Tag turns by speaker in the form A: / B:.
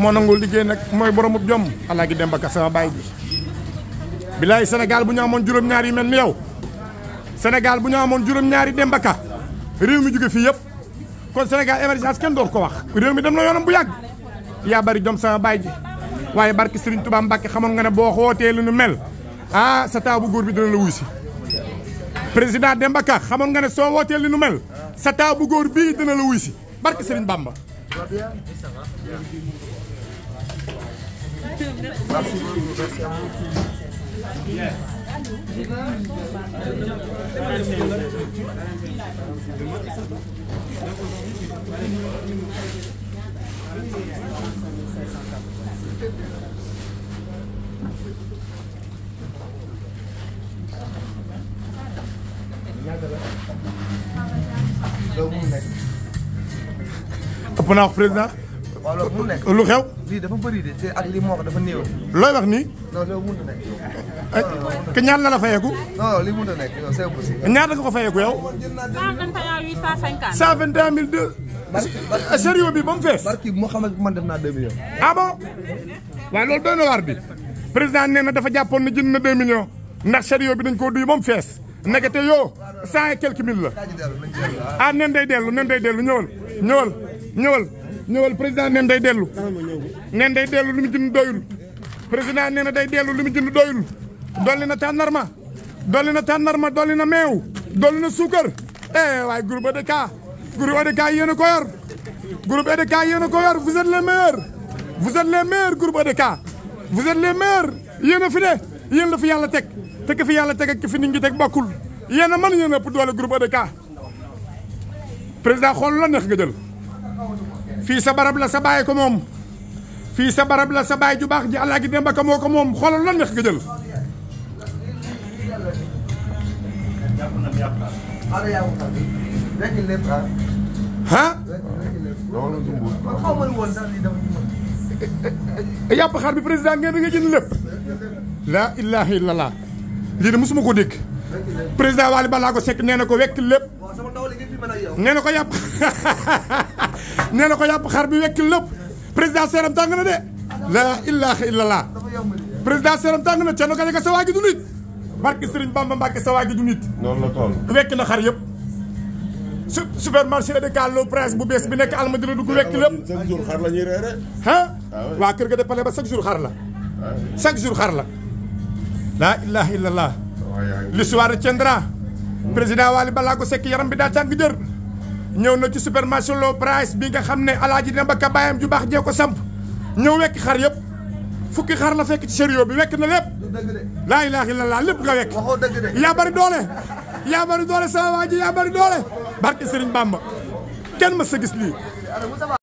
A: moo nangoo liggéey nag mooy boromub jom alaaji Demba Ka sama baay bilaay Sénégal bu ñu amoon juróom-ñaar yi mel ni yow Sénégal bu ñu amoon juróom-ñaari Demba Ka réew mi jóge fii yëpp kon Sénégal émergence kenn dootu ko wax réew mi dem na yoonam bu yàgg yaa bari jom sama baay ji waaye barki Serigne Touba Mbacke xamoon nga ne boo wootee lu nu mel ah sa taabu góor bi dina la wuy si président Demba Ka xamoon nga ne soo wootee lu nu mel sa góor bii dina si barki Serigne Bamba Tu vas bien Oui, ça va. Bien. Merci beaucoup, merci à vous. Bien. Dóomu nekk mën naa wax président. waaw loolu lu xew. dafa bëri de te ak lii looy wax nii. non loolu mun na nekk. Eh, ñaata la la fayeeku. non lii mun na nekk yow c'est impossible. ñaata nga ko fayeeku yow. 121 850. 121 mille deux. Eh, sérieux bi ba mu fees. barki moo xam ne man def naa 2 millions. ah bon waaw loolu doy na waar bi président nee na dafa jàppoon ne jënd na 2 millions ndax sérieux bi dañ koo duy ba mu fees nekkate yoo cent et quelques mille la ah. ah nen day dellu nen dellu ñëwal ñëwal. ñëwal ñëwal président neen day dellu neen day dellu lu mu jënd doyul président nee na day dellu lu mu jënd doyul dolli na tànnarma dolli na tànnarma dolli na meew dolli na suukar eh waaye groupe EDK groupe EDK yéen a ko yor groupe EDK yéen a ko yor vous êtes les meilleurs vous êtes les meilleurs groupe EDK vous êtes les meilleurs yéen a fi de yéen la fi yàlla teg te fi yàlla teg ak ki fi nit ñi teg bokkul yéen a mën yéen a ëpp doole groupe EDK président xool la neex nga jël fii sa barab la sa baay ko moom fii sa barab la sa baay ju baax ji Alaaji Demba Ka moo ko moom xoolal la neex nga jël ah yàpp xar bi président ngeen da nga jënd lépp laa ilaha illallah lii de mosuma ko dégg président Waly Ballago Seck nee na ko wekk lépp. nee na ko yàpp nee na ko yàpp xar bi wekk lépp. président seeram tàng na de. la ilaha illallah. président seeram tàng na Thierno Gallaga sa waa gi du nit. barke Serigne Bamba Mbacke sa waa gi du nit. noonu la toll. wekk na xar yëpp. su supermarché de Carlo Prince bu bees bi nekk Almadina dugg wekk lépp. chaque jour xar la ñuy reere. ah waa kër ga de pale ba chaque jour xar la. Ah chaque jour xar la. la ilaha illallah. l'histoire tiendra président Waly ko sekk yaram bi daa tàng jër ñëw na ci supermarché low price bi nga xam ne alaaji Demba Ka baayam ju baax jee ko samp ñëw wekk xar yëpp fukki xar la fekk ci sérieux bi wekk na lépp laa ilaaha illallaah lépp nga wekk yaa bari doole yaa bari doole sama waa ji yaa bari doole barke Sëriñ Bamba kenn ma sa gis lii